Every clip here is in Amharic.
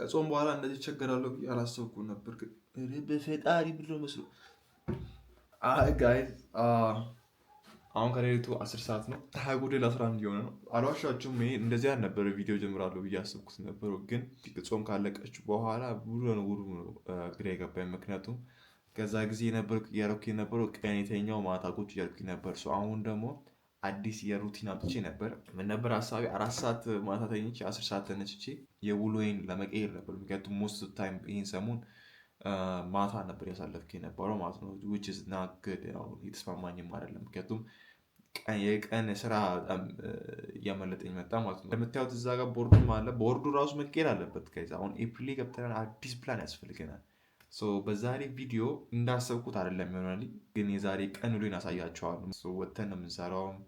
ከጾም በኋላ እንደዚህ ይቸገራለሁ ብዬ አላሰብኩም ነበር። በፈጣሪ ብሎ መስሎ ጋይዝ አሁን ከሌሊቱ አስር ሰዓት ነው። ታጉዴ ለአስራ አንድ የሆነ ነው። አልዋሻችሁም፣ ይሄ እንደዚህ ነበረ ቪዲዮ ጀምራለሁ ብዬ አስብኩት ነበሩ፣ ግን ጾም ካለቀች በኋላ ውሉ ነው ውሉ ነው ግራ የገባኝ። ምክንያቱም ከዛ ጊዜ ነበር ያረኩ የነበረው ቀን የተኛው ማታ ቁጭ ያልኩ ነበር። አሁን ደግሞ አዲስ የሩቲን አውጥቼ ነበር። ምን ነበር ሀሳቢ? አራት ሰዓት ማታ ተኝቼ አስር ሰዓት ተነስቼ የውሎዬን ለመቀየር ነበር። ምክንያቱም ሞስት ታይም ይህን ሰሞን ማታ ነበር ያሳለፍክ የነበረው ማለት ነው። ዊች ኢዝ ናት ጉድ፣ የተስማማኝም አይደለም። ምክንያቱም የቀን ስራ በጣም እያመለጠኝ መጣ ማለት ነው። እንደምታዩት እዛ ጋር ቦርዱም አለ። ቦርዱ ራሱ መቀየር አለበት። ከዚ አሁን ኤፕሪል ገብተናል። አዲስ ፕላን ያስፈልገናል። በዛሬ ቪዲዮ እንዳሰብኩት አይደለም ይሆናል፣ ግን የዛሬ ቀን ውሎን አሳያቸዋለሁ። ወተን ነው የምንሰራውም።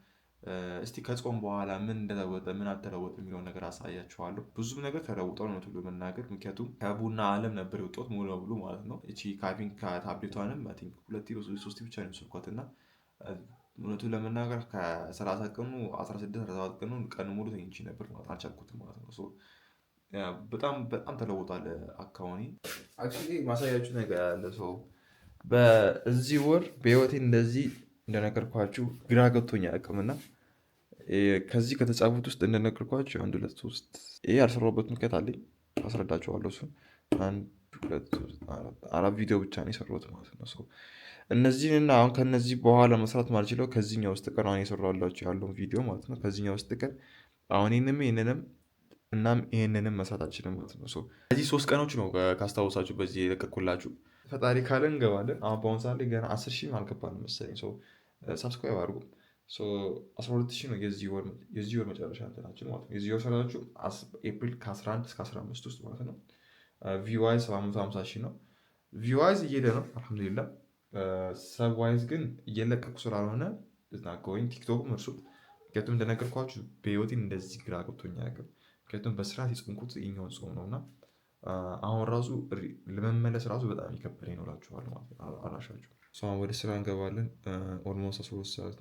uh, እስቲ ከጾም በኋላ ምን እንደተለወጠ ምን አልተለወጠ የሚለውን ነገር አሳያቸዋለሁ። ብዙም ነገር ተለውጧል ነው ብሎ መናገር፣ ምክንያቱም ከቡና አለም ነበር የወጣሁት ሙሉ ለሙሉ ማለት ነው። እቺ ካፊን ታብሌቷንም ሁለት ሶስት ብቻ ነው የወሰድኳት እና እውነቱን ለመናገር ከ ከሰላሳ ቀኑ 16 ስድስት አስራ ቀኑ ሙሉ ተኝቼ ነበር ማለት አልቻልኩትም ማለት ነው። በጣም በጣም ተለውጧል። አካባቢ አክቹዋሊ ማሳያችሁ ነገር ያለ ሰው በዚህ ወር በህይወቴ እንደዚህ እንደነገርኳችሁ ግራ ገብቶኝ አቅምና ከዚህ ከተጻፉት ውስጥ እንደነገርኳችሁ አንድ ሁለት ሶስት ይሄ ያልሰራሁበት ምክንያት አለኝ። አስረዳችኋለሁ። እሱን አንድ ሁለት ሶስት አራት ቪዲዮ ብቻ ነው የሰራሁት ማለት ነው። እና አሁን ከነዚህ በኋላ መስራት ማልችለው ከዚህኛው ውስጥ ቀን አሁን የሰራሁላችሁ ያለውን ቪዲዮ ማለት ነው። ከዚህኛው ውስጥ ቀን አሁን ይህንም ይህንንም እናም ይህንንም መስራት አንችልም ማለት ነው። እዚህ ሶስት ቀኖች ነው ካስታወሳችሁ በዚህ የለቀኩላችሁ። ፈጣሪ ካለ እንገባለን። አሁን በአሁን ሰዓት ላይ ገና አስር ሺህ አልገባንም መሰለኝ። ሳብስክራይብ አድርጉ። አስራ ሁለት ሺህ ነው የዚህ ወር መጨረሻ እንትናችን ማለት ነው። የዚህ ወር ሰራችሁ ኤፕሪል ከ11 እስከ 15 ውስጥ ማለት ነው። ቪዋይዝ 750 ሺህ ነው። ቪዋይዝ እየሄደ ነው አልሐምዱሊላ። ሰብዋይዝ ግን እየለቀቁ ስላልሆነ ዝናገወኝ ቲክቶክም እርሱ ገቱም እንደነገርኳችሁ በህይወቴን እንደዚህ ግራ ገብቶኛ ያገብ ምክንያቱም በስርዓት የጾምኩት የኛውን ጾም ነው እና አሁን ራሱ ለመመለስ ራሱ በጣም የከበደኝ ነው እላችኋለሁ። አላሻችሁ ሰውን ወደ ስራ እንገባለን። ኦልሞስ አስራ ሰዓት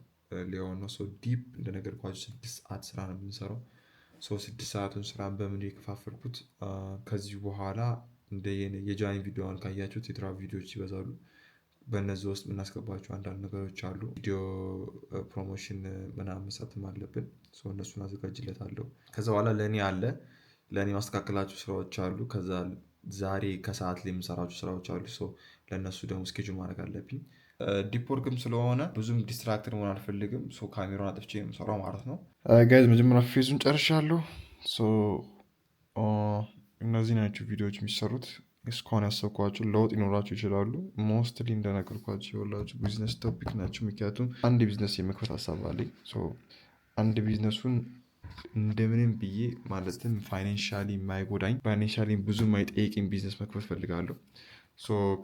ሊሆን ነው። ዲፕ እንደነገር እንደነገርኳችሁ ስድስት ሰዓት ስራ ነው የምንሰራው። ሰው ስድስት ሰዓቱን ስራ በምን የከፋፈልኩት ከዚህ በኋላ እንደ የጃኒ ቪዲዮዋን ካያችሁት የትራቭ ቪዲዮዎች ይበዛሉ። በእነዚህ ውስጥ የምናስገባቸው አንዳንድ ነገሮች አሉ። ቪዲዮ ፕሮሞሽን ምናምን መሳተም አለብን። እነሱን አዘጋጅለታለሁ። ከዛ በኋላ ለእኔ አለ ለእኔ ማስተካከላቸው ስራዎች አሉ። ከዛ ዛሬ ከሰዓት ላይ የምሰራቸው ስራዎች አሉ። ለእነሱ ደግሞ ስኬጁል ማድረግ አለብኝ። ዲፕወርክም ስለሆነ ብዙም ዲስትራክትድ መሆን አልፈልግም። ካሜራውን አጥፍቼ የምሰራው ማለት ነው። ጋይዝ መጀመሪያ ፌዙን ጨርሻለሁ። እነዚህ ናቸው ቪዲዮዎች የሚሰሩት። እስካሁን ያሰብኳቸው ለውጥ ሊኖራቸው ይችላሉ። ሞስትሊ እንደነገርኳቸው የወላቸው ቢዝነስ ቶፒክ ናቸው። ምክንያቱም አንድ ቢዝነስ የመክፈት ሀሳብ አለኝ። አንድ ቢዝነሱን እንደምንም ብዬ ማለትም ፋይናንሻሊ የማይጎዳኝ ፋይናንሻሊ ብዙ የማይጠይቅኝ ቢዝነስ መክፈት ፈልጋለሁ።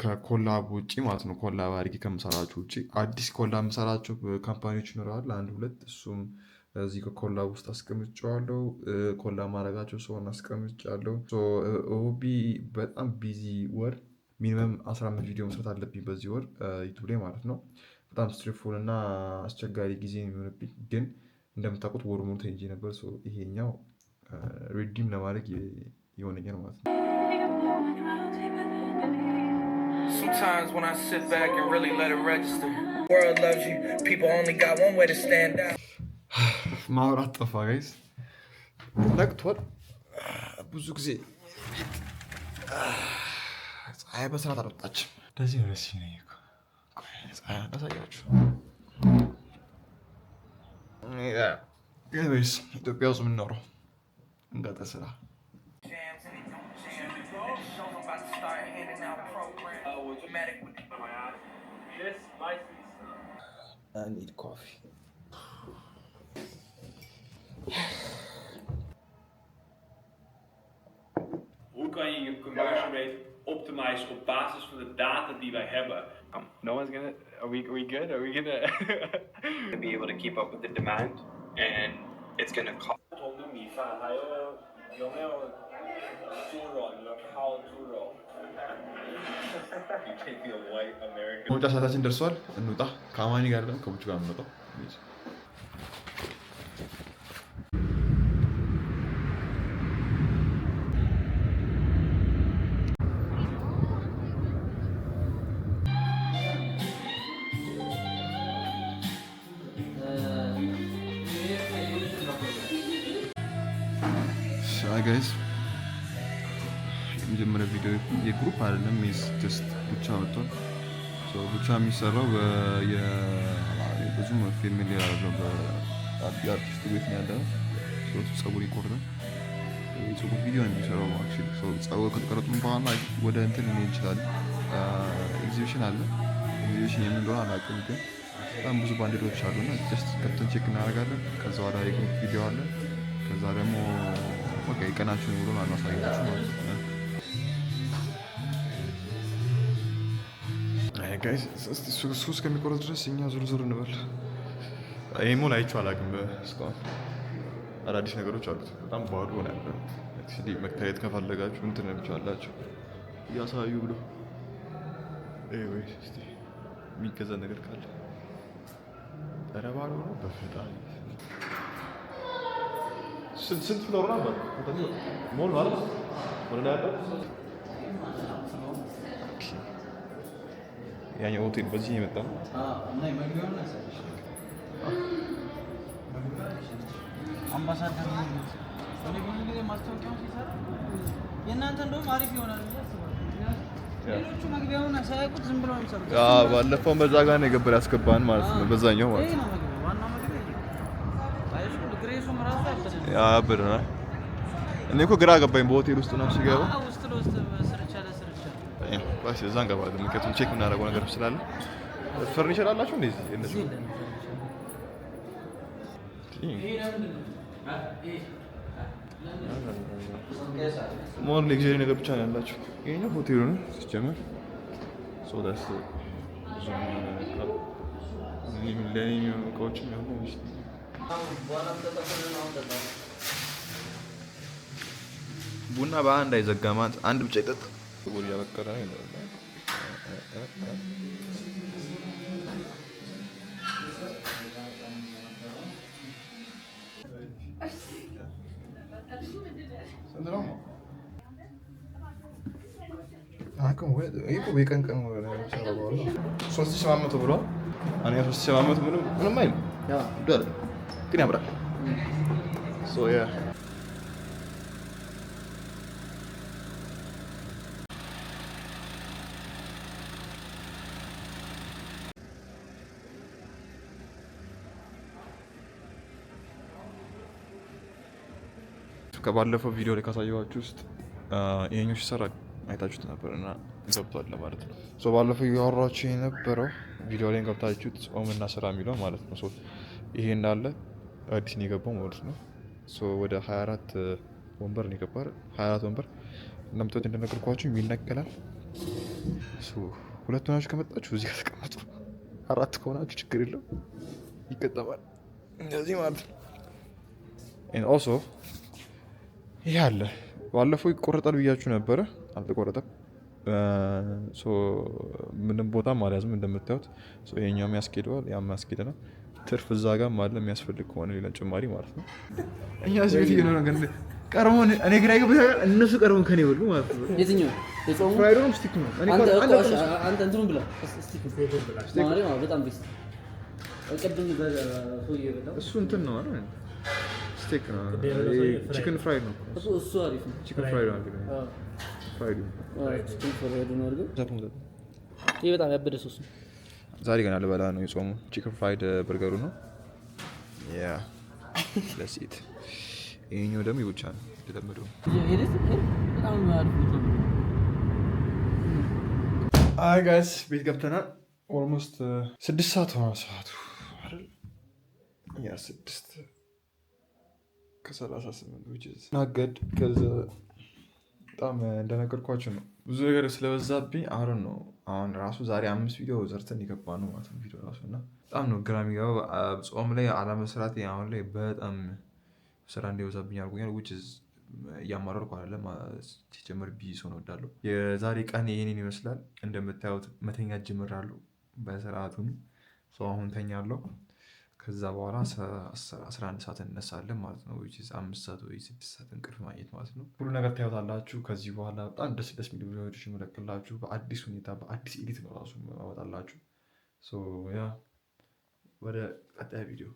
ከኮላብ ውጭ ማለት ነው። ኮላብ አድርጌ ከምሰራቸው ውጭ አዲስ ኮላብ የምሰራቸው ካምፓኒዎች ይኖረዋል። አንድ ሁለት እሱም እዚህ ከኮላ ውስጥ አስቀምጫዋለው። ኮላ ማድረጋቸው ሰሆን አስቀምጫለው። ኦቢ በጣም ቢዚ ወር ሚኒመም 15 ቪዲዮ መስራት አለብኝ በዚህ ወር ዩቱብ ላይ ማለት ነው። በጣም ስትሬስፉል እና አስቸጋሪ ጊዜ የሚሆንብኝ ግን እንደምታውቁት ወር ሙሉ ተይዤ ነበር። ይሄኛው ሬዲም ለማድረግ የሆነኛል ማለት ነው። Sometimes ማውራት ጠፋ ጋይስ፣ ነቅቷል። ብዙ ጊዜ ፀሐይ በስርዓት አልወጣችም። እንደዚህ ነው ደስ ይለኝ። ፀሐይ አላሳያችሁ። ኢትዮጵያ ውስጥ የምንኖረው እንጋጠ ስራ I need coffee. Hoe kan je je conversion rate optimize op basis van de data die wij hebben? no one's gonna. Are we, are we good? Are we gonna. to be able to keep up with the demand, and it's gonna cost. 不同的米饭还有有没有猪肉？你们烤猪肉？you take dat zijn white American. هو تحت 30 درسول niet تحت كمان የመጀመሪያ ቪዲዮ የግሩፕ አይደለም ስ ጀስት ብቻ መጥቷል። ብቻ የሚሰራው ብዙ ፌሚሊ ያለው የአርቲስቱ ቤት ነው ያለ ነው። ጸጉር ይቆርጣል። የጸጉር ቪዲዮ ነው የሚሰራው። ጸጉር ከተቀረጡም በኋላ ወደ እንትን ሊሆን ይችላል። ኤግዚቢሽን አለ። ኤግዚቢሽን የምን እንደሆነ አላውቅም፣ ግን በጣም ብዙ ባንዲዶች አሉ እና ጀስት ከብተን ቼክ እናደርጋለን። ከዛ ኋላ የግሩፕ ቪዲዮ አለ። ከዛ ደግሞ በቃ የቀናችን ውሎን አናሳያችሁ ማለት ነው። ጋይስ እሱ እስከሚቆረጥ ድረስ እኛ ዙር ዙር እንበል። ይህሞን አይቼው አላውቅም። እስካሁን አዳዲስ ነገሮች አሉት። በጣም ባዶ ነው ያለ። መታየት ከፈለጋችሁ እንትን ብቻ አላቸው እያሳዩ ብሎ የሚገዛ ነገር ካለ ኧረ ነው በፈጣሪ ስንት ፍሎር ነበር? ሞል ማለት ነው ያለው ያኛው ሆቴል በዚህ የመጣ ነው። አምባሳደር የእናንተ እንደውም አሪፍ ይሆናል። ሌሎቹ መግቢያውን ሳያውቁት ዝም ብለው የሚሰሩት ባለፈውን በዛ ጋር ነው የገበር ያስገባን ማለት ነው። በዛኛው ማለት ነው ያበደናል። እኔ እኮ ግራ ገባኝ በሆቴል ውስጥ ነው ሲገባ እዛ እንገባለን። ምክንያቱም ቼክ የምናደርገው ነገር ስላለ። ፈርኒቸር አላችሁ እንዴ? እንደዚህ ሞር ሌግሪ ነገር ብቻ ነው ያላችሁ። ይሄኛው ሆቴሉ ነው ሲጀመር። እቃዎች ቡና በአንድ አይዘጋማት አንድ ብቻ ይጠጣ stor jävla där Ah, kom och du är på weekend kan du köra bara. Så vad ska du köra med tobbe då? Han är så ከባለፈው ቪዲዮ ላይ ካሳየኋችሁ ውስጥ ይሄኛው ሲሰራ አይታችሁት ነበር እና ገብቷል ለማለት ነው። ባለፈው እያወራችሁ የነበረው ቪዲዮ ላይ ገብታችሁት ጾምና ስራ የሚለው ማለት ነው። ይሄ እንዳለ አዲስ ነው የገባው ማለት ነው። ወደ 24 ወንበር ነው የገባ 24 ወንበር እንደምታዩት እንደነገርኳችሁ ይነቀላል። ሁለት ሆናችሁ ከመጣችሁ እዚህ ከተቀመጡ ተቀመጡ። አራት ከሆናችሁ ችግር የለው ይገጠማል። እዚህ ማለት ነው ኦሶ ይህ አለ። ባለፈው ይቆረጣል ብያችሁ ነበረ፣ አልተቆረጠም። ምንም ቦታም አልያዝም እንደምታዩት። ይኛውም ያስኬደዋል፣ ያም ያስኬደናል። ትርፍ እዛ ጋም አለ የሚያስፈልግ ከሆነ ሌላ ጭማሪ ማለት ነው። እኛ እዚህ ቤት እየኖረ እኔ ግራ እነሱ ቀርቦን ከኔ ብሉ ማለት ነው። እንትን ነው ስቴክ ነው፣ ቺክን ፍራይድ ነው። እሱ አሪፍ ነው። ቺክን ነው። ይህ በጣም ያበደ ሶስ ነው። ዛሬ ገና ልበላ ነው። የጾሙ ቺክን ፍራይድ በርገሩ ነው። ያ ለሴት ይህኛው ደግሞ ይብቻ ነው የተለመደው። አይ ጋይስ ቤት ገብተናል። ኦልሞስት uh, ስድስት ሰዓት ሆኗል ሰዓቱ ያ ስድስት ከሰላሳ ስምንት ናገድ ከዛ በጣም እንደነገርኳቸው ነው። ብዙ ነገር ስለበዛብኝ አሁን ነው አሁን ራሱ ዛሬ አምስት ቪዲዮ ዘርተን የገባ ነው ማለት ነው ቪዲዮ ራሱ እና በጣም ነው ግራ የሚገባው። ጾም ላይ አለመስራት አሁን ላይ በጣም ስራ እንደበዛብኝ አድርጎኛል። ዊችዝ እያማረርኩ አይደለም ሲጀምር ቢዚ ሰው ነው እወዳለሁ። የዛሬ ቀን ይህንን ይመስላል። እንደምታዩት መተኛት ጀምራለሁ በስርዓቱም ሰው አሁን ተኛለሁ። ከዛ በኋላ አስራ ሰዓት እንነሳለን ማለት ነው። አምስት ሰዓት ወይ ስድስት ሰዓት እንቅልፍ ማግኘት ማለት ነው። ሁሉ ነገር ታዩታላችሁ። ከዚህ በኋላ በጣም ደስ ደስ የሚል ቪዲዮዎች ይመለቅላችሁ በአዲስ ሁኔታ በአዲስ ኤዲት ነው ራሱ ያወጣላችሁ። ያ ወደ ቀጣይ ቪዲዮ